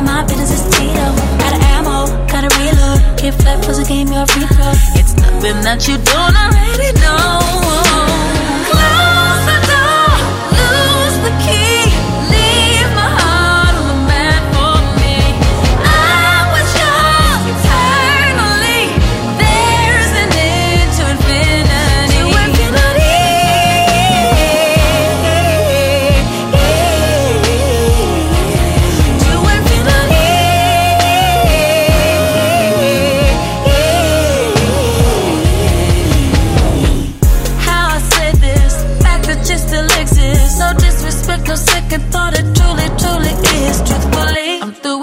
None of my business is Tito. Got an ammo, got a reload. Can't flip, was a game, you're a free throw. It's nothing that you don't already know.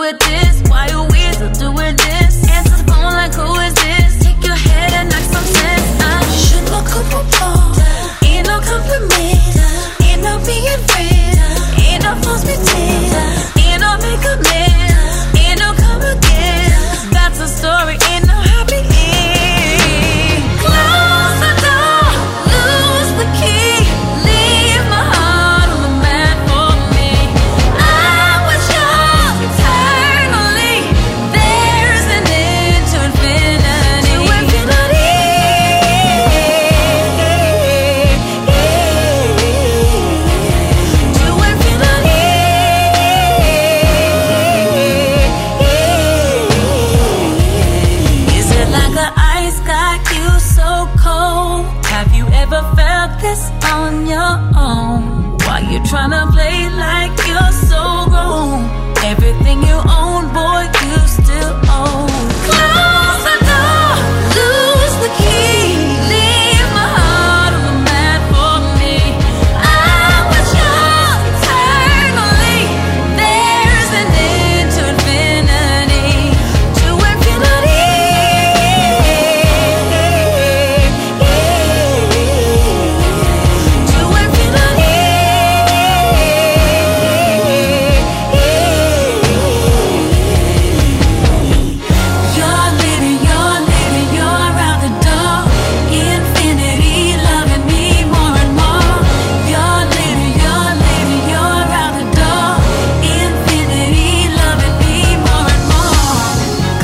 with this. felt this on your own. Why you tryna play like you're so grown? Everything you own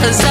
Cause I